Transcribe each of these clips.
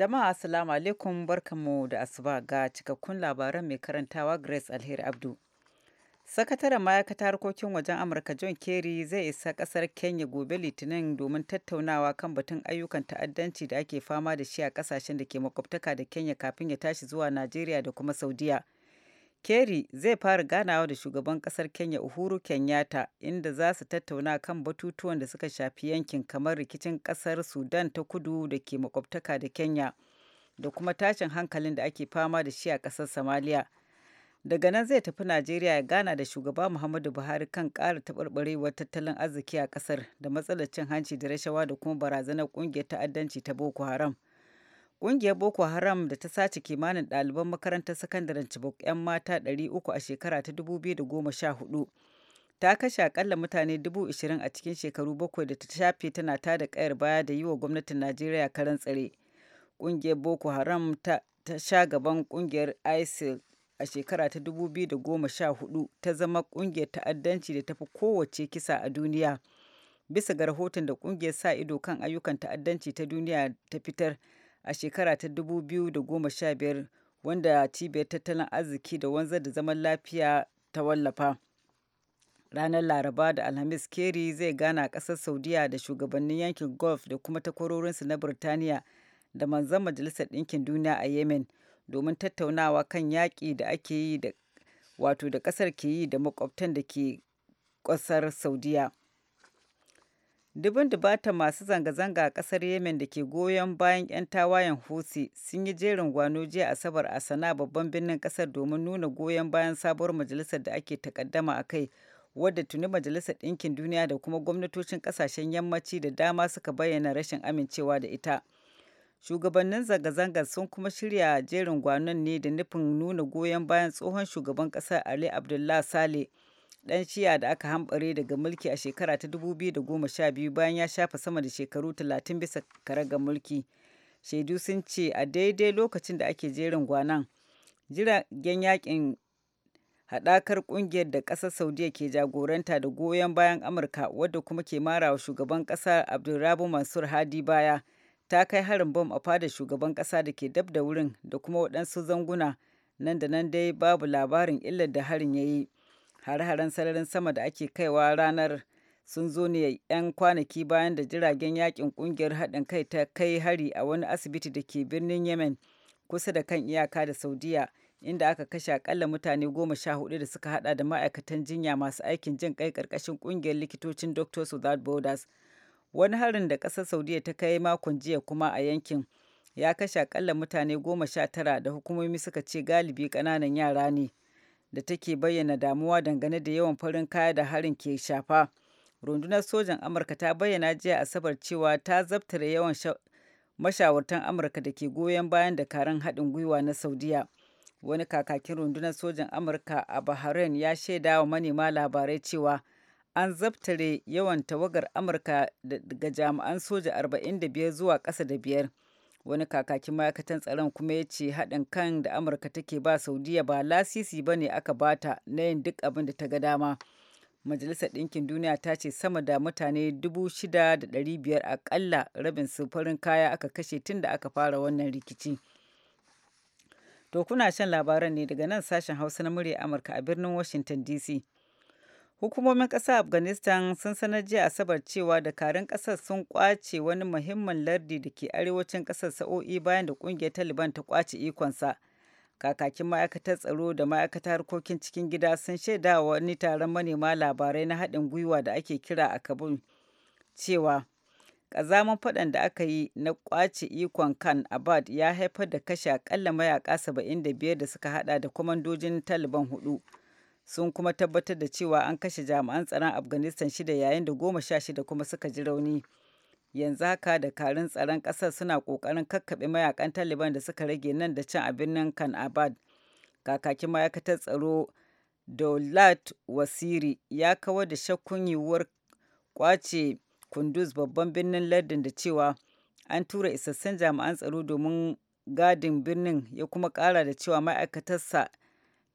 Jama'a Assalamu alaikum barkamu da asuba ga cikakkun labaran mai karantawa Grace Alheri Abdu. Sakataren ma'aikata harkokin wajen Amurka John Kerry zai isa kasar Kenya gobe Litinin domin tattaunawa kan batun ayyukan ta'addanci da ake fama da shi a kasashen da ke makwabtaka da Kenya kafin ya tashi zuwa Najeriya da kuma Saudiya. Kerry zai fara ganawa da shugaban kasar Kenya Uhuru Kenyatta inda za su tattauna kan batutuwan da suka shafi yankin kamar rikicin kasar Sudan ta kudu da ke makwabtaka da Kenya da kuma tashin hankalin da ake fama da shi a kasar Somalia. Daga nan zai tafi Najeriya ya gana da shugaba Muhammadu Buhari kan ƙara taɓarɓarewar tattalin arziki a ƙasar da matsalar cin hanci da rashawa da kuma barazanar ƙungiyar ta'addanci ta Boko Haram. Ƙungiyar Boko Haram da ta sace kimanin ɗaliban makarantar sakandaren Chibok 'yan mata 300 a shekara ta 2014 ta kashe akalla mutane 20,000 a cikin shekaru bakwai da ta shafe tana ta da kayar baya da yi wa gwamnatin Najeriya karan tsare. Ƙungiyar Boko Haram ta, ta sha gaban ƙungiyar ISIL a shekara ta 2014 ta zama ƙungiyar ta'addanci da tafi kowace kisa a duniya. Bisa ga rahoton da ƙungiyar sa ido kan ayyukan ta'addanci ta duniya ta fitar a shekara ta 2015 wanda cibiyar tattalin arziki da wanzar da zaman lafiya ta wallafa. Ranar Laraba da Alhamis Kerry zai gana ƙasar Saudiya da shugabannin yankin Gulf da kuma takwarorinsu na Birtaniya da manzan Majalisar Ɗinkin Duniya a Yemen domin tattaunawa kan yaƙi da ake yi da wato da ƙasar ke yi da makwabtan da ke ƙasar Saudiya. dubin dubata masu zanga-zanga a ƙasar Yemen da ke goyon bayan 'yan tawayen Houthi sun yi jerin gwano jiya Asabar a Sana'a babban birnin ƙasar domin nuna goyon bayan sabuwar majalisar da ake takaddama a kai, wadda tuni Majalisar Ɗinkin Duniya da kuma gwamnatocin ƙasashen yammaci da dama suka bayyana rashin amincewa da ita. Shugabannin zanga-zangar sun kuma shirya jerin gwanon ne da nufin nuna goyon bayan tsohon shugaban ƙasar Ali Abdullah Saleh dan shiya da aka hambare daga mulki a shekara ta 2012 bayan ya shafa sama da shekaru 30 bisa kare ga mulki. Shaidu sun ce a daidai lokacin da ake jerin gwanan, jiragen yakin haɗakar ƙungiyar da ƙasar Saudiya ke jagoranta da goyon bayan Amurka wadda kuma ke marawa shugaban ƙasa Abdulrabu Mansur Hadi baya ta kai harin bom a fadar shugaban ƙasa da ke dab da wurin da kuma waɗansu zanguna nan da nan dai babu labarin illar da harin ya yi. hare-haren sararin sama da ake kaiwa ranar sun zo ne 'yan kwanaki bayan da jiragen yakin kungiyar haɗin kai ta kai hari a wani asibiti da ke birnin yemen kusa da kan iyaka da saudiya inda aka kashe akalla mutane goma sha hudu da suka hada da ma'aikatan jinya masu aikin jin kai karkashin kungiyar likitocin doctors without borders wani harin da ƙasar saudiya ta kai makon jiya kuma a yankin ya kashe akalla mutane goma sha tara da hukumomi suka ce galibi ƙananan yara ne da take bayyana damuwa dangane da yawan farin kaya da harin ke shafa. Rundunar sojan Amurka ta bayyana jiya Asabar cewa ta zabtare yawan mashawartan Amurka da ke goyon bayan da dakarun haɗin gwiwa na Saudiya. Wani kakakin rundunar sojan Amurka a Bahrain ya shaida wa manema labarai cewa an zabtare yawan tawagar Amurka daga jami'an soja 45 zuwa ƙasa da biyar. wani kakakin ma'aikatan tsaron kuma ya ce haɗin kan da amurka take ba saudiya ba lasisi ba ne aka bata na yin duk abin da ta ga dama majalisar ɗinkin duniya ta ce sama da mutane 6,500 aƙalla rabin farin kaya aka kashe tun da aka fara wannan rikici to kuna shan labaran ne daga nan sashen hausa na murya amurka a birnin washington dc Hukumomin ƙasar Afghanistan sun sanar jiya Asabar cewa dakarun ƙasar sun kwace wani muhimmin lardi da ke arewacin ƙasar sa'o'i bayan da ƙungiyar Taliban ta ƙwace ikonsa. Kakakin ma'aikatar tsaro da ma'aikatar harkokin cikin gida sun shaida wani taron manema labarai na haɗin gwiwa da ake kira a Kabul cewa ƙazamin faɗan da aka yi na kwace ikon kan abad ya haifar da kashe akalla mayaka saba'in da biyar da suka haɗa da kwamandojin taliban hudu sun kuma tabbatar da cewa an kashe jami'an tsaron afghanistan shida yayin da goma sha shida kuma suka ji rauni yanzu haka dakarun tsaron kasar suna kokarin kakkaɓe mayakan taliban da suka rage nan da can a birnin kan abad kakakin ma'aikatar tsaro daulat wasiri ya kawar da shakkun yiwuwar kwace kunduz babban birnin lardin da cewa an tura isassun jami'an tsaro domin gadin birnin ya kuma kara da cewa ma'aikatarsa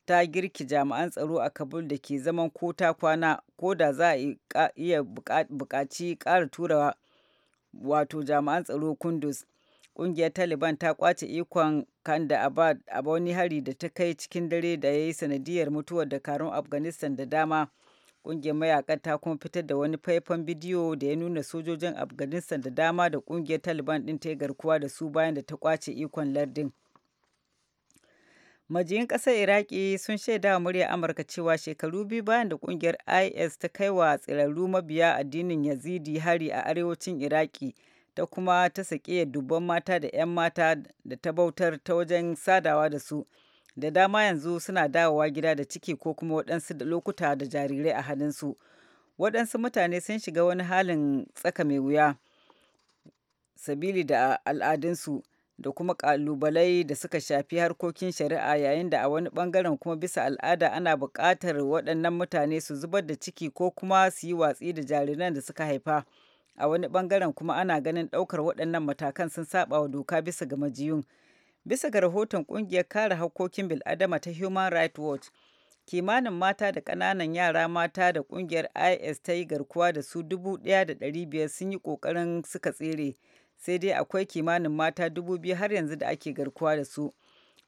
ta girki jami'an tsaro a kabul da ke zaman ko ta kwana ko da za a iya bukaci kara tura wato jami'an tsaro kundus ƙungiyar taliban ta kwace ikon kan abad a wani hari da ta kai cikin dare da ya yi sanadiyar mutuwar dakarun afghanistan da dama ƙungiyar mayakan ta kuma fitar da wani faifan bidiyo da ya nuna sojojin afghanistan da dama da ƙungiyar taliban ɗin ta yi garkuwa da su bayan da ta kwace ikon lardin majiyin ƙasar iraki sun shaida wa murya amurka cewa shekaru biyu bayan da ƙungiyar is ta kai wa tsirarru mabiya addinin yazidi hari a arewacin iraki ta kuma ta sake dubban mata da 'yan mata da ta bautar ta wajen sadawa da su da dama yanzu suna dawowa gida da ciki ko kuma waɗansu lokuta da jarirai a hannunsu waɗansu mutane sun shiga wani halin tsaka mai wuya sabili da al'adunsu da kuma ƙalubalai da suka shafi harkokin shari'a yayin da a wani bangaren kuma bisa al'ada ana buƙatar waɗannan mutane su zubar da ciki ko kuma su yi watsi da jariran da suka haifa a wani bangaren kuma ana ganin ɗaukar waɗannan matakan sun saba wa doka bisa ga majiyun bisa ga rahoton ƙungiyar kare harkokin bil'adama ta human rights watch kimanin mata da ƙananan yara mata da ƙungiyar is ta yi garkuwa da su dubu ɗaya da ɗari biyar sun yi ƙoƙarin suka tsere sai dai akwai kimanin mata dubu biyu har yanzu da ake garkuwa da su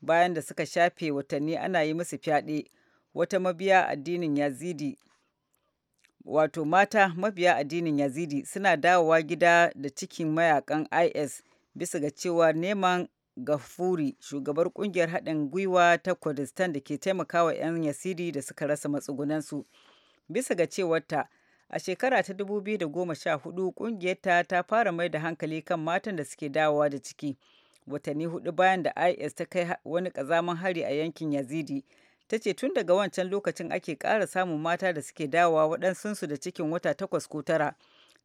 bayan da suka shafe watanni ana yi musu fyaɗe wata mabiya addinin yazidi wato mata mabiya addinin yazidi suna dawowa gida da cikin mayakan is bisa ga cewa neman gafuri shugabar kungiyar haɗin gwiwa ta kurdistan da ke taimakawa 'yan yazidi da suka rasa matsugunansu bisa ga cewarta A shekara ta 2014 kungiyarta ta fara mai da hankali kan matan da suke dawowa da ciki. Watanni hudu bayan da IS ta kai wani kazaman hari a yankin Yazidi. Ta ce tun daga wancan lokacin ake ƙara samun mata da suke dawowa waɗansunsu da cikin wata takwas ko tara.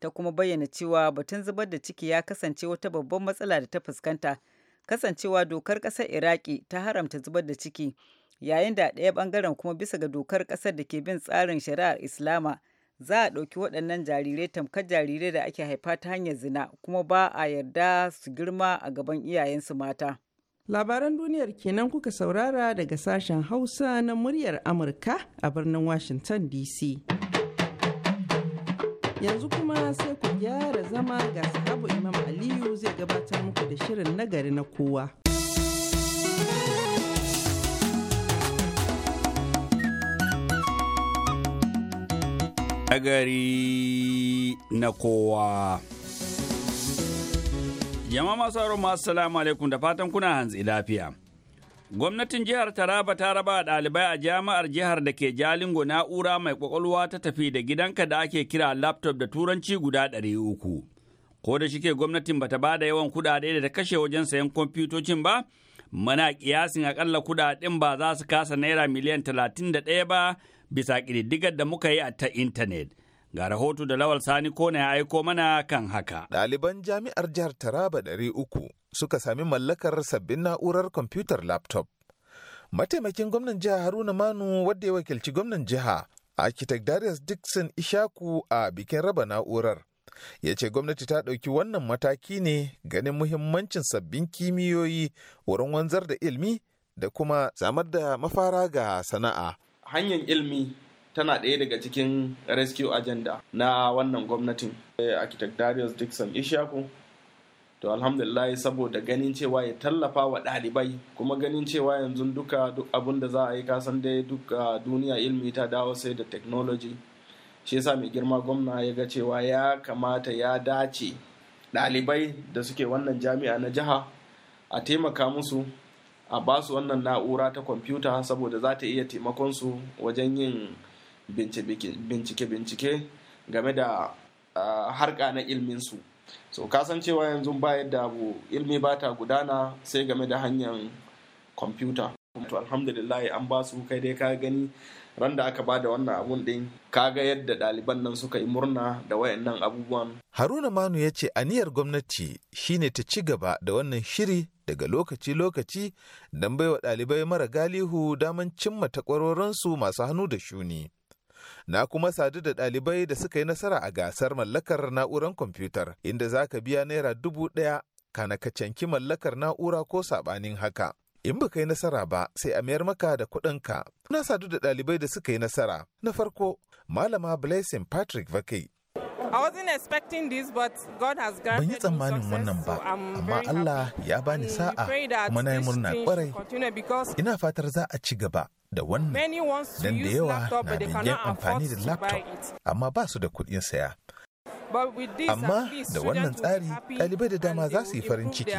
Ta kuma bayyana cewa batun zubar da ciki ya kasance wata babban matsala da ta fuskanta. Kasancewa dokar ƙasar Iraki ta haramta zubar da ciki. Yayin da ɗaya ɓangaren kuma bisa ga dokar ƙasar da ke bin tsarin shari'ar Islama za a ɗauki waɗannan jarirai tamkar jarirai da ake haifa ta hanyar zina kuma ba a yarda su girma a gaban iyayensu mata. Labaran duniyar kenan kuka saurara daga sashen Hausa na muryar Amurka a birnin Washington DC. Yanzu kuma sai ku gyara zama ga sahabu Imam Aliyu zai gabatar muku da shirin nagari na kowa. nagari na kowa. Jama'a masu sauraro masu salamu alaikum da fatan kuna hanzi lafiya. Gwamnatin jihar Taraba ta raba ɗalibai a jami'ar jihar da ke Jalingo na'ura mai kwakwalwa ta tafi da gidanka da ake kira laptop da turanci guda ɗari uku. Ko da shike gwamnatin bata ba da yawan kuɗaɗe da ta kashe wajen sayan kwamfutocin ba, mana kiyasin akalla kuɗaɗen ba za su kasa naira miliyan talatin da ɗaya ba bisa ƙididdigar da muka yi a ta intanet. Ga rahoto da Lawal Sani ko na ya aiko mana kan haka. Ɗaliban jami'ar jihar Taraba ɗari uku suka sami mallakar sabbin na'urar kwamfutar laptop. Mataimakin gwamnan jiha Haruna Manu wadda ya wakilci gwamnan jiha Architect Darius Dixon Ishaku a bikin raba na'urar. ya ce gwamnati ta ɗauki wannan mataki ne ganin muhimmancin sabbin kimiyoyi wurin wanzar da ilmi da kuma samar da mafara ga sana'a hanyar ilmi tana ɗaya daga cikin rescue agenda na wannan gwamnatin eh, architect darius dixon ishaku to alhamdulillah saboda ganin cewa ya tallafa wa ɗalibai kuma ganin cewa yanzu duka duk abin da za a yi kasan dai duka ah, duniya ilmi ta dawo sai da technology shi yasa mai girma gwamna ya ga cewa ya kamata ya dace ɗalibai da suke wannan jami'a na jiha a taimaka musu a ba su wannan na'ura ta kwamfuta saboda za ta iya taimakon su wajen yin bincike-bincike game da harka na ilminsu so kasancewa yanzu ba yadda abu ilmi ba ta gudana sai game da hanyar kwamfuta to alhamdulillah an ba su kai dai ka gani ran da aka bada wannan abun din ga yadda ɗaliban nan suka yi murna da wayannan abubuwan. Haruna Manu ya ce aniyar gwamnati shine ta ci gaba da wannan shiri daga lokaci-lokaci don baiwa ɗalibai mara galihu daman cimma takwarorinsu masu hannu da shuni. na kuma sadu da ɗalibai da suka yi nasara a gasar mallakar na'urar kwamfutar inda zaka biya naira dubu ɗaya kana ka canki mallakar na'ura ko saɓanin haka in baka yi nasara ba sai a mayar maka da kuɗinka. Na sadu da ɗalibai da suka yi nasara. Na farko, Malama Blessing Patrick Vakai. Ban yi tsammanin wannan ba, amma Allah ya bani sa'a kuma na yi murna kwarai. Ina fatar za a ci gaba da wannan, don da yawa na bingen amfani da laptop, amma ba su da kuɗin saya. Amma da wannan tsari ɗalibai da dama za su yi farin ciki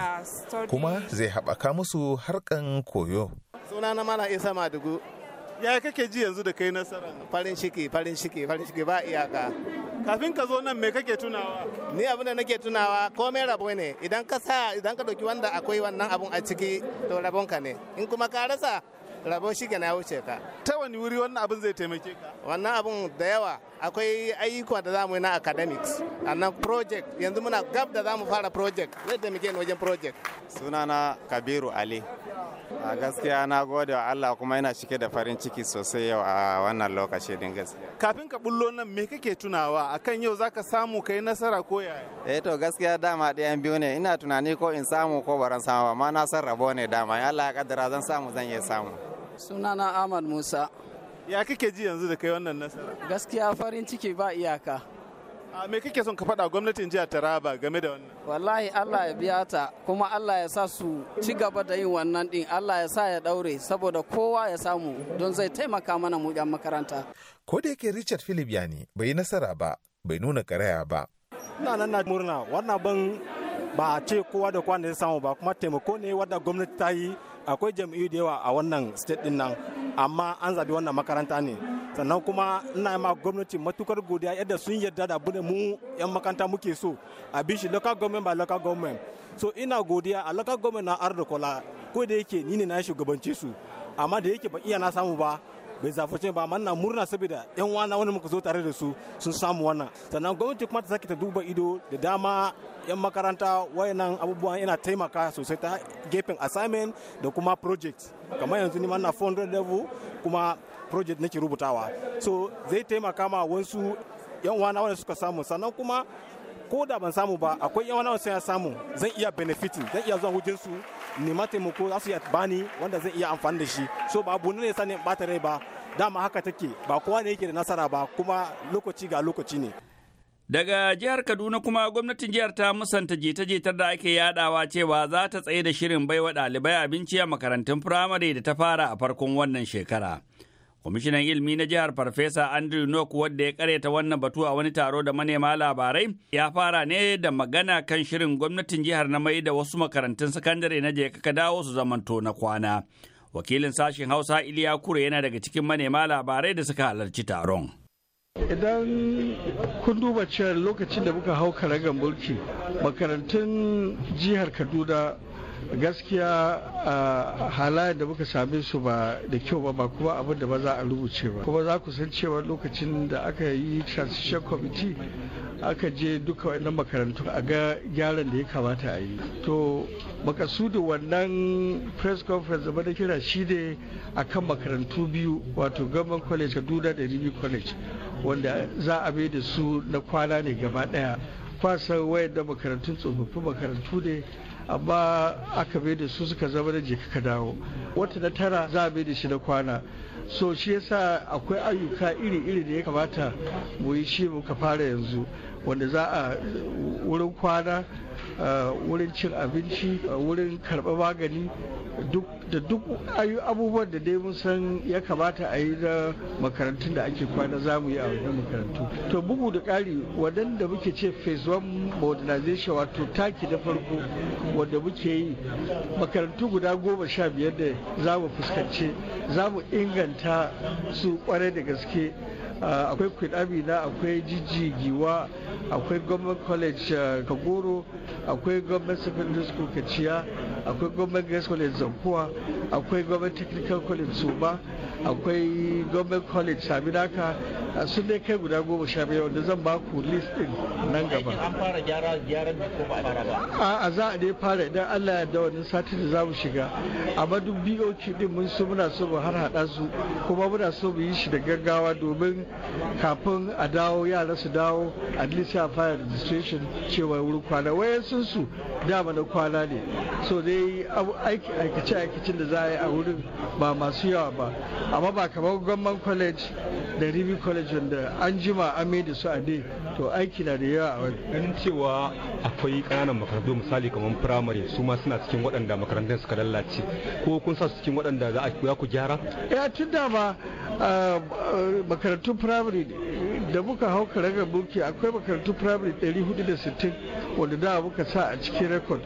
kuma zai haɓaka musu harkan koyo. Suna na mana Isa Madugu. Ya kake ji yanzu da kai nasara? Farin ciki, farin ciki, farin ciki ba iyaka. Kafin ka zo nan me kake tunawa? Ni abin da nake tunawa komai rabo ne. Idan ka sa idan ka doki wanda akwai wannan abun a ciki to rabon ka ne. In kuma ka rasa rabo shi na wuce ka. Ta wani wuri wannan abin zai taimake ka? Wannan abun da yawa akwai ayyuka da zamu yi na academics annan project yanzu muna gab da zamu fara project zai taimake ni wajen project sunana kabiru ali a gaskiya na gode wa Allah kuma yana cike da farin ciki sosai yau a wannan lokaci din gaskiya kafin ka bullo nan me kake tunawa akan yau zaka samu kai nasara ko yaya eh to gaskiya dama ɗayan biyu ne ina tunani ko in samu ko baran samu amma na san rabo ne dama Allah ya kaddara zan samu zan iya samu sunana Ahmad Musa ya kake ji yanzu da kai wannan nasara gaskiya farin ciki ba iyaka a me kake son ka faɗa gwamnatin jiya taraba game da wannan wallahi allah ya biya ta kuma allah ya sa su ci gaba da yin wannan din allah ya sa ya daure saboda kowa ya samu don zai taimaka mana mu makaranta ko da yake richard philip ne bai yi nasara ba bai nuna karaya ba ina nan na murna wannan ban ba a ce kowa da kowa ne ya samu ba kuma taimako ne wanda gwamnati ta yi akwai jam'iyyu da yawa a wannan state din nan amma an zabi wannan makaranta ne sannan kuma ina ma gwamnati matukar godiya yadda sun yarda da bude mu yan makaranta muke so a bishi local government by local government so ina godiya a local government na kola ko da yake ni ne na shugabance su amma da yake ba iya na samu ba mai zafoce ba amma ina murna saboda yan wana wani muka zo tare da su sun samu wannan sannan gwamnati kuma ta sake ta duba ido da dama yan makaranta wayannan abubuwan yana taimaka sosai ta gefen assignment da kuma project kamar yanzu ni ma na 400 level kuma project nake rubutawa so zai taimaka ma wasu yan wana wanda suka samu sannan kuma ko da ban samu ba akwai yan wanda ya samu zan iya benefiting zan iya zuwa wajen su nema taimako za su iya bani wanda zan iya amfani da shi so ba abu ne ne sani bata rai ba dama haka take ba kowa ne yake da nasara ba kuma lokaci ga lokaci ne daga jihar kaduna kuma gwamnatin jihar ta musanta jita-jitar da ake yadawa cewa za ta tsaye da shirin baiwa ɗalibai abinci a makarantun firamare da ta fara a farkon wannan shekara kwamishinan ilmi na jihar farfesa andrew nok wadda ya ta wannan batu a wani taro da manema labarai ya fara ne da magana kan shirin gwamnatin jihar na mai da wasu makarantun sakandare na je ka dawo su zamanto na kwana wakilin sashen hausa iliya kure yana daga cikin manema labarai da suka halarci taron idan kun duba cewa lokacin da muka hau karagar mulki makarantun jihar kaduna gaskiya halayen da muka same su ba da kyau ba ba kuma abin da ba za a rubuce ba kuma za ku san cewa lokacin da aka yi transition committee aka je duka wannan makarantu a ga gyaran da ya kamata a yi to makasudu wannan press conference da kira shi ne a kan makarantu biyu wato gaban college kaduna da rimi college wanda za a bai da su na kwana ne gaba daya kwasan wayar da makarantun tsofaffin makarantu ne amma aka bai da su suka zama da jika ka dawo wata na tara za a bai da shi na kwana so shi yasa akwai ayyuka iri-iri da ya kamata mu yi shi muka fara yanzu wanda za a wurin kwana Eh, wurin cin abinci eh, wurin karɓar magani da duk abubuwan da dai mun san ya kamata a yi na makarantun da ake kwana za mu yi a wajen makarantu to bugu da ƙari wadanda muke ce phase one modernization wato taki na farko wadda muke yi makarantu guda goma sha biyar da za mu fuskance za mu inganta su kwarai da gaske Ah, akwai queen amina akwai jijigiwa akwai government college ah, kagoro akwai government secondary school kaciya akwai government girls college zankuwa akwai government technical college soba akwai government college sami naka sun dai kai guda goma sha biyar wanda zan ba ku list din nan gaba an fara gyara gyaran da ko ba a fara ba a za a dai fara idan Allah ya da wannan satin da zamu shiga amma duk BOK din mun so muna so mu har hada su kuma muna so mu yi shi da gaggawa domin kafin a dawo yara su dawo at least a fara registration cewa wurin kwana wayansu su dama na kwana ne so dai aikace aikacin da za a yi a wurin ba masu yawa ba amma ba kamar gwamnan college da ribi college wanda an jima a mai da su a dai to aiki na da yawa a wani ganin cewa akwai ƙananan makarantu misali kamar primary su ma suna cikin waɗanda makarantun suka lalace ko kun sa su cikin waɗanda za ku gyara ya tun da ba ah, ah, makarantun primary da muka hau ragar mulki akwai makarantun primary 460 wanda da muka sa a cikin record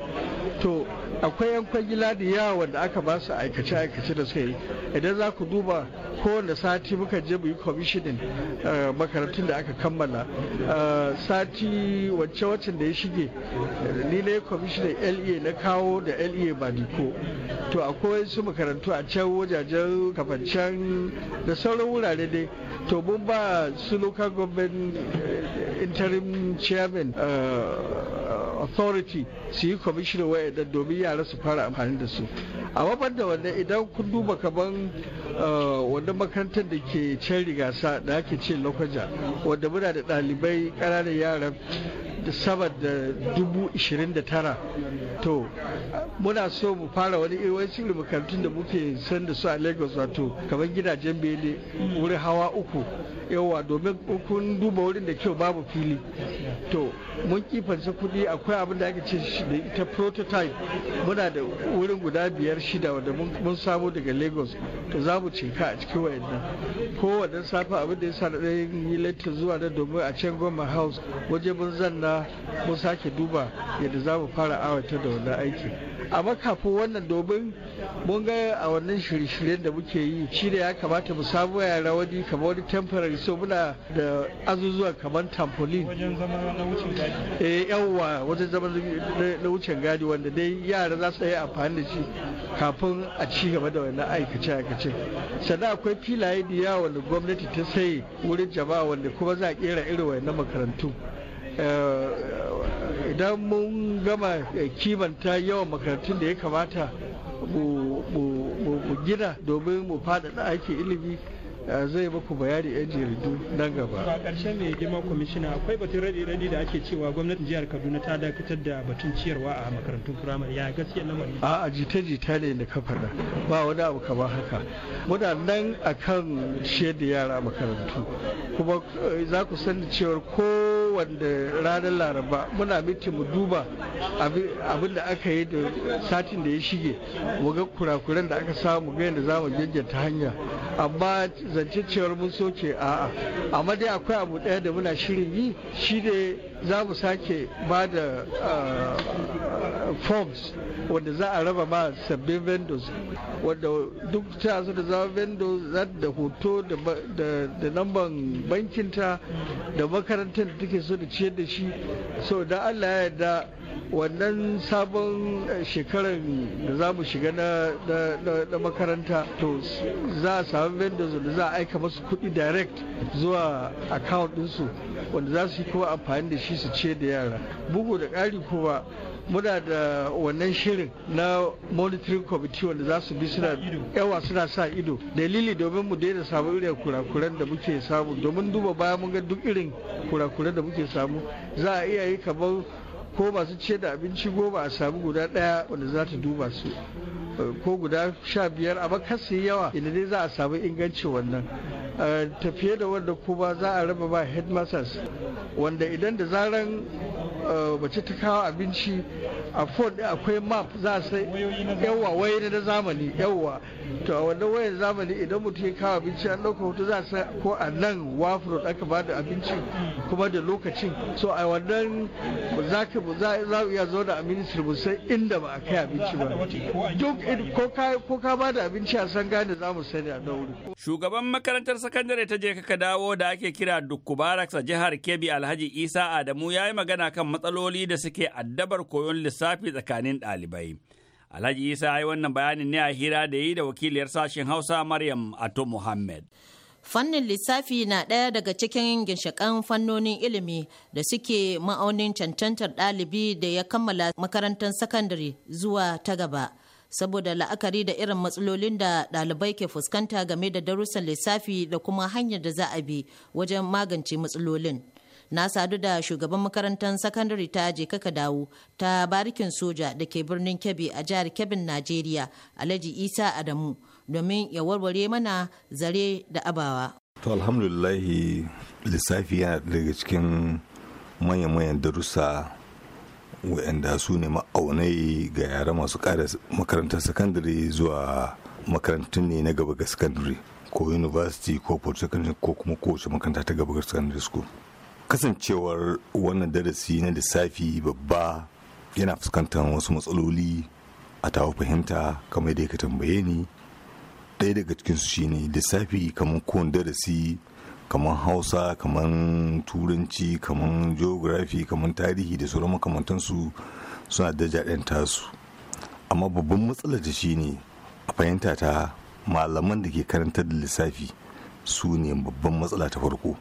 to akwai yan kwangila da yawa da aka ba su aikace-aikace da suka yi idan za ku duba kowane sati muka je mu yi kwamishinin eh, makarantun da aka kammala eh, sati wacce wacce da ya shige ni ne kwamishinan lea na kawo da lea badiko to akwai su makarantu a can wajajen kafancen da sauran wurare dai to mun ba su local government eh, interim chairman authority su yi waye wayanda domin yara su fara amfani da su a wabar da wannan idan kun duba kaman wadda makarantar da ke can rigasa da ake ce lokaja wadda muna da ɗalibai ƙananan yara da dubu ishirin da tara to muna so mu fara wani wasu makarantun da muke san da su a lagos wato kamar gidajen bele wurin hawa uku yawa domin kun duba wurin da kyau babu fili to mun kifansa kuɗi akwai abin da ake ce da ita prototype muna da wurin guda biyar shida wanda mun samo daga lagos to za mu cinka a cikin wayannan kowanne safe abin da ya sa da ɗayan yi zuwa da domin a can goma house waje mun zanna kuma mun sake duba yadda za mu fara awata da wannan aiki amma kafin wannan domin mun ga a wannan shirye-shiryen da muke yi shi ne ya kamata mu samu yara wani kamar wani temporary so muna da azuzuwa kamar tampolin wajen zama na wucin gadi eh, zama na wucin gadi wanda dai yara za su yi amfani da shi kafin a ci gaba da wannan aikace-aikace sannan akwai filaye da yawa wanda gwamnati ta sai wurin jama'a wanda kuma za a kera irin wannan makarantu Eh, idan mun gama kimanta yawan makarantun da ya kamata mu gina domin mu faɗaɗa aikin ilimi eh, zai muku bayani yan jaridu nan gaba. a ƙarshen mai girma kwamishina akwai batun radi-radi da ake cewa gwamnatin jihar kaduna ta dakatar da batun ciyarwa a makarantun firamare ya gaskiya lamari. a a jita-jita ne da ka faɗa ba wani abu kamar haka muna nan akan shaida yara makarantu kuma eh, za ku sani cewar ko kowanne ranar laraba muna miti mu duba abin da aka yi da satin da ya shige mu ga kurakuran da aka samu ga yadda mu jajjata hanya amma zance cewar mun soke a'a amma dai akwai abu ɗaya da muna shirin yi shi ne za mu sake ba da ah, forms wanda za a raba ma sabbin vendors wanda duk ta su da za vendors za da hoto da namban bankinta da makarantar da take so da ciyar da shi so da allah ya yarda wannan sabon eh, shekarar da za mu shiga na makaranta to za a samu vendors da za a aika masu kuɗi direct zuwa account ɗinsu wanda za su yi kowa amfani da shi su ce da yara bugu da ƙari kuma muna da wannan shirin na monitoring committee wanda za su bi suna yawa suna sa ido dalili domin mu daina samu irin kurakuran da muke samu domin duba baya mun ga duk irin kurakuran da muke samu za a iya yi kamar ko masu ce da abinci goma a samu guda daya wanda za ta duba su eh, ko guda sha biyar amma kasu yawa idan dai za a samu ingancin wannan eh, tafiye da wanda kuma za a raba ba headmasters wanda idan da zaran bace eh, ta kawo abinci a phone akwai map za sai yawa wayoyi na zamani yawa to a wannan wayar zamani idan mutum ya kawo abinci an ɗauka hoto za sai ko a nan wafuro aka ba da abinci kuma da lokacin so a wannan za ka za iya zo da ministry mu sai inda ba a kai abinci ba duk ko ka ba da abinci a san gane za mu sani a dauri shugaban makarantar sakandare ta je ka dawo da ake kira dukkubarak sa jihar kebbi alhaji isa adamu ya yi magana kan matsaloli da suke addabar koyon lissafi tsakanin ɗalibai. Alhaji Isa ya yi wannan bayanin ne a hira da yi da wakiliyar sashen Hausa Maryam Ato Muhammad. Fannin lissafi na ɗaya daga cikin ginshiƙan fannonin ilimi da suke ma'aunin cancantar ɗalibi da ya kammala makarantar sakandare zuwa ta gaba. Saboda la'akari da irin matsalolin da ɗalibai ke fuskanta game da darussan lissafi da kuma hanyar da za a bi wajen magance matsalolin. na sadu da shugaban makarantar sakandare ta je ka dawo ta barikin soja da ke birnin kebbi a jihar kebbin najeriya alhaji isa adamu domin ya warware mana zare da abawa to alhamdulillahi lissafi yana daga cikin manyan-manyan darussa waɗanda su ne ma'aunai ga yara masu ƙara makarantar sakandare zuwa makarantun ne na gaba ga sakandare ko university ko polytechnic ko kuma kowace makaranta ta gaba ga sakandare. school kasancewar wannan darasi na lissafi babba yana fuskantar wasu matsaloli a tawo fahimta kamar da ka tambaye ni ɗaya daga cikinsu shine lissafi kamar kowane darasi kamar hausa kamar turanci kamar geography kamar tarihi da sauran makamantansu suna da jaɗin tasu amma babban matsalar da shine a fahimta ta malaman da ke karantar da lissafi su ne babban matsala ta farko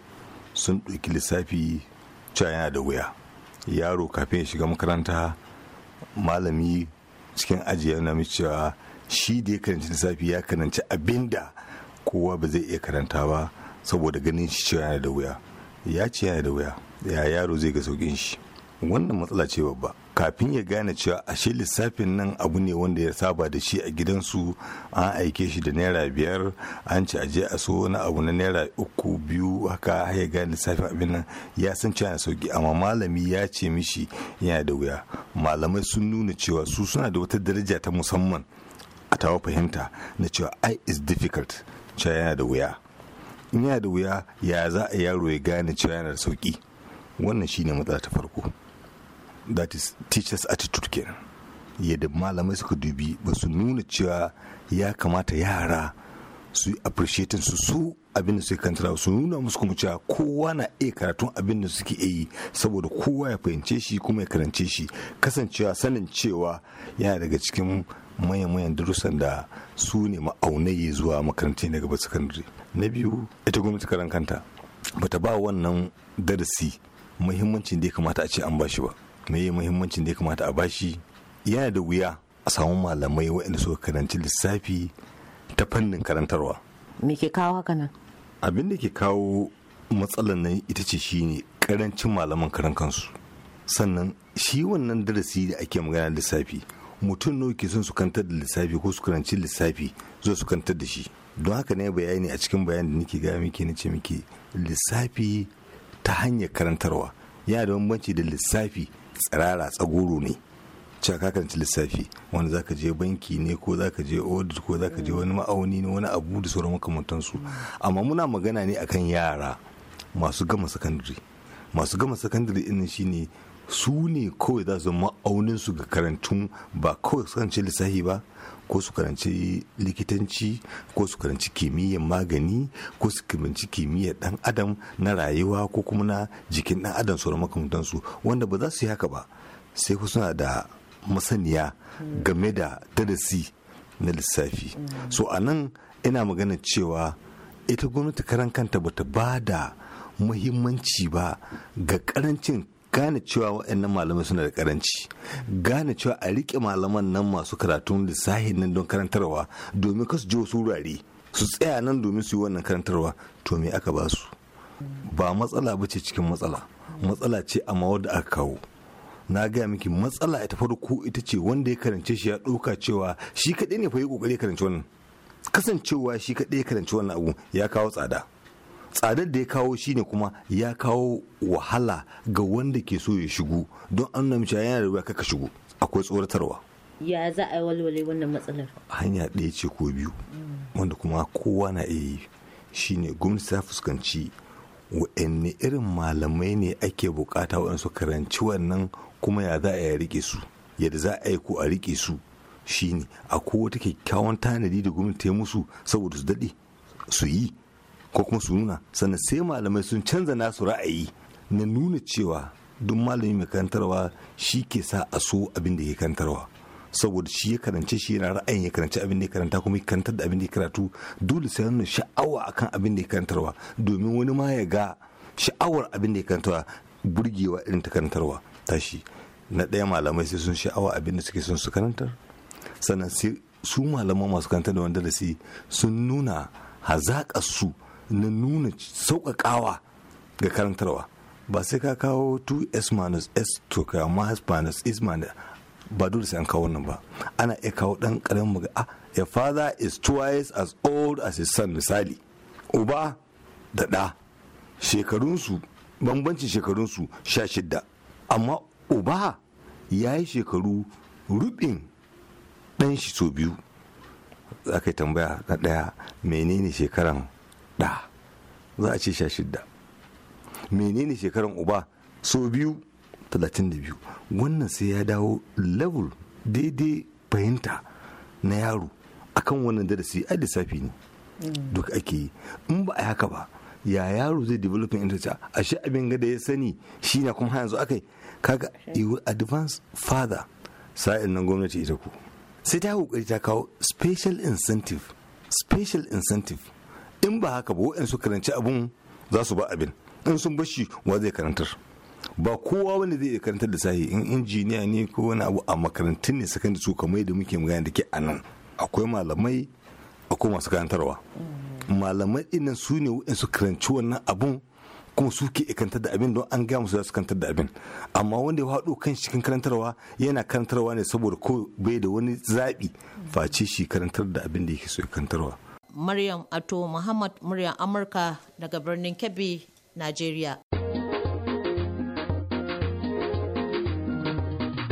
sun ɗauki lissafi cewa yana da wuya yaro kafin ya shiga makaranta malami cikin aji yana cewa shi da ya karanci lissafi ya karanci abinda kowa ba zai iya karanta ba saboda ganin shi cewa yana da wuya ya ce yana da wuya ya yaro zai ga saukin shi wannan matsala ce babba kafin ya gane cewa ashe lissafin nan abu ne wanda ya saba da shi a gidansu an aike shi da naira biyar an ci aje a so na abu na naira uku biyu haka ya gane lissafin abin nan ya san cewa na sauki amma malami ya ce mishi yana da wuya malamai sun nuna cewa su suna da wata daraja ta musamman a tawa fahimta na cewa i is difficult cewa yana da wuya in yana da wuya ya za a yaro ya gane cewa yana da sauki wannan shine matsala ta farko that is teachers attitude kenan yadda malamai suka dubi ba su nuna cewa ya kamata yara su appreciating su su abin da suke kantara su nuna musu kuma cewa kowa na iya karatun abin da suke yi saboda kowa ya fahimce shi kuma ya karance shi kasancewa sanin cewa yana daga cikin manyan-manyan darussan da su ne ma'aunai zuwa makarantar na gaba sakandare na biyu ita gwamnati karan kanta bata ba wannan darasi muhimmancin da ya kamata a ce an ba shi ba yi muhimmancin da ya kamata a bashi yana da wuya a samu malamai waɗanda suka karanci lissafi ta fannin karantarwa me ke kawo haka nan abin da ke kawo matsalar nan ita ce shi ne karancin malaman karan kansu sannan shi wannan darasi da ake magana lissafi mutum nawa ke son su kantar da lissafi ko su karanci lissafi zo su kantar da shi don haka ne bayani a cikin bayanin da nake gaya miki na ce miki lissafi ta hanyar karantarwa yana da bambanci da lissafi tsirara tsagoro ne cewa kakan ci lissafi wanda zaka je banki ne ko zaka je audit ko zaka je wani ma'auni ne wani abu da sauran makamantansu amma muna magana ne akan yara masu gama sakandare masu gama sakandare ɗin shine su ne kawai za su ma'aunin su ga karantun ba kawai su karanci lissafi ba ko su karanci likitanci ko su karanci kimiyyar magani ko su karanci kimiyyar dan adam na rayuwa ko kuma na jikin dan adam sauran makamantansu wanda ba za su yi haka ba sai ku suna da masaniya game da darasi na lissafi so a nan ina magana cewa ita gwamnati karan kanta bata ba da muhimmanci ba ga karancin gane cewa waɗannan malamai suna da karanci gane cewa a riƙe malaman nan masu karatun sahin nan don karantarwa domin kasu ji wasu wurare su tsaya nan domin su yi wannan karantarwa to me aka ba su ba matsala ba ce cikin matsala matsala ce amma wadda aka kawo na gaya miki matsala ita farko ita ce wanda ya karance shi ya ɗauka cewa shi kaɗai ne fa yi ƙoƙari ya karanci wannan kasancewa shi kaɗai ya karanci wannan abu ya kawo tsada tsadar da ya kawo shine kuma ya kawo wahala ga wanda ke so ya shigo don an namci yana da wuya kaka shigo akwai tsoratarwa ya za a yi walwale wannan matsalar hanya ɗaya ce ko biyu wanda kuma kowa na iya yi shine gwamnati ta fuskanci wa'anne irin malamai ne ake bukata waɗansu su karanci wannan kuma ya za a yi rike su yadda za a yi ko a rike su shine a kowa take kyakkyawan tanadi da gwamnati ta yi musu saboda su daɗe su yi ko kuma su nuna sannan sai malamai sun canza nasu ra'ayi na nuna cewa duk malami mai karantarwa shi ke sa a so abin da ya karantarwa saboda shi ya karance shi yana ra'ayin ya karance abin da ya karanta kuma ya karantar da abin da ya karatu dole sai nuna sha'awa akan abin da ya karantarwa domin wani ma ya ga sha'awar abin da ya karantarwa burgewa irin ta karantarwa tashi na ɗaya malamai sai sun sha'awa abin da suke son su karantar sannan sai su malaman masu karantar da wanda da sun nuna hazaƙar su na nuna sauƙaƙawa ga karantarwa ba sai ka kawo 2s minus s to ka minus minus is minus ba dole sai an kawo wannan ba ana iya kawo ɗan ƙaramin maga a a ah, father is twice as old as his son misali uba da ɗa shekarunsu bambancin shekarunsu sha shidda amma uba ya yi shekaru rubin ɗan shi so biyu za ka yi tambaya na ɗaya menene shekaran ɗa za a ce sha shidda menene shekaran uba so biyu talatin da biyu wannan sai ya dawo level daidai fahimta na yaro akan wannan darasi a lissafi ne duk ake yi in ba a haka ba ya yaro zai developing interest a shi abin gada ya sani shi na kuma yanzu akai kaga iwu advance father sa'in nan gwamnati ita ku sai ta kokari ta kawo special incentive special incentive in ba haka ba waɗansu karanci abun za su ba abin in sun bashi wa zai karantar ba kowa wanda zai iya da sahi in injiniya ne ko wani abu a makarantun ne sakan da su kamar da muke magana da ke a nan akwai malamai akwai masu karantarwa malamai ɗinnan su ne waɗansu karanci wannan abun kuma su ke kantar da abin don an gaya musu za su kantar da abin amma wanda ya haɗo kan cikin karantarwa yana karantarwa ne saboda ko bai da wani zaɓi face shi karantar da abin da yake so ya karantarwa Maryam Ato Muhammad muryar Amurka daga birnin Kebbi, Najeriya.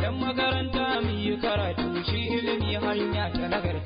Yan makaranta mu yi karatu shi ilimi hanya ta nagarta.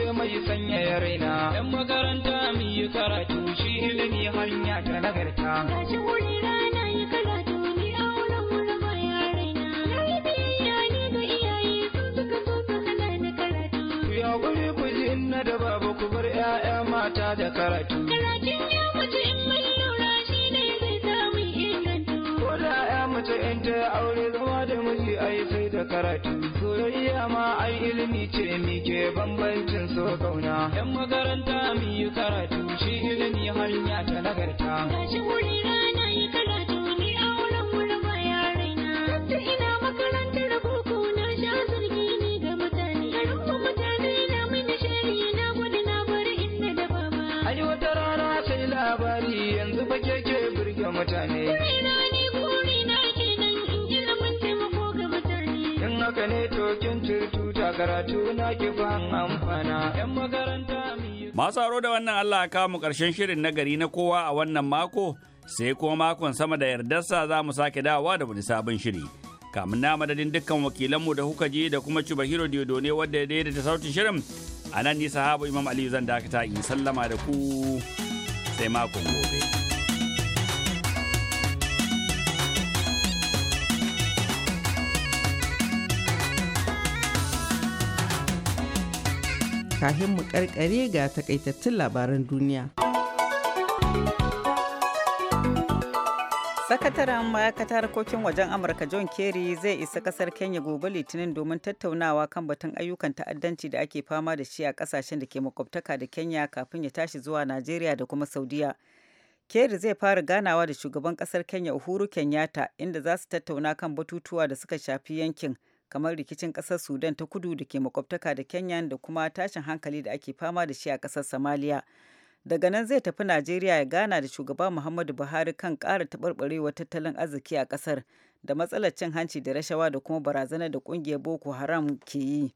ce mai sanyaya raina yan makaranta mu yi karatu shi ilimi hanya ta nagarta gashi wuri rana yi karatu ni a wurin wurin baya na yi biyayya ne ga iyaye sun suka so su hana ni karatu ya guri ku ji inna da babu ku bar 'ya'ya mata da karatu karatun ya mace in mun lura shi ne zai samu ingantu ko da 'ya mace in ta aure zama da miji ai sai da karatu dama ai ilimi ce mike bambancin so kauna yan makaranta mu yi karatu shi ilimi hanya ta nagarta ta karatu na amfana yan makaranta Masu aro da wannan Allah ka mu karshen shirin na gari na kowa a wannan mako sai kuma makon sama da yardarsa za mu sake dawa da wani sabon shiri. Kamun na madadin dukkan wakilanmu da kuka je da kuma Cuba Hiro Diodo ne wadda ya daidaita sautin shirin a nan ni sahabu Imam Aliyu zan dakata in sallama da ku sai makon gobe. kafin mu karkare ga takaitattun labaran duniya. sakataren ma'aikatar harkokin wajen amurka john kerry zai isa kasar kenya gobe litinin domin tattaunawa kan batun ayyukan ta'addanci da ake fama da shi a kasashen da ke makwabtaka da kenya kafin ya tashi zuwa najeriya da kuma saudiya kerry zai fara ganawa da shugaban kasar kenya uhuru kenyatta inda za su tattauna kan batutuwa da suka shafi yankin kamar rikicin kasar Sudan ta kudu da ke makwabtaka da Kenya da kuma tashin hankali da ake fama da shi a kasar Somalia. Daga nan zai tafi Najeriya ya gana da shugaba Muhammadu Buhari kan kara taɓarɓarewar tattalin arziki a kasar da matsalar cin hanci da rashawa da kuma barazanar da ƙungiyar Boko Haram ke yi.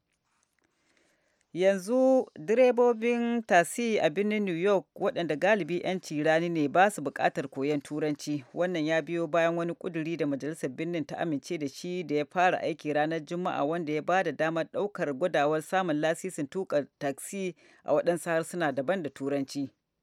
yanzu direbobin tasi a birnin new york waɗanda galibi yanci rani ne ba su buƙatar koyon turanci wannan ya biyo bayan wani ƙuduri da majalisar birnin ta amince da shi da ya fara aiki ranar juma'a wanda ya ba da damar ɗaukar gwadawar samun lasisin tuka taksi a waɗansu harsuna daban da turanci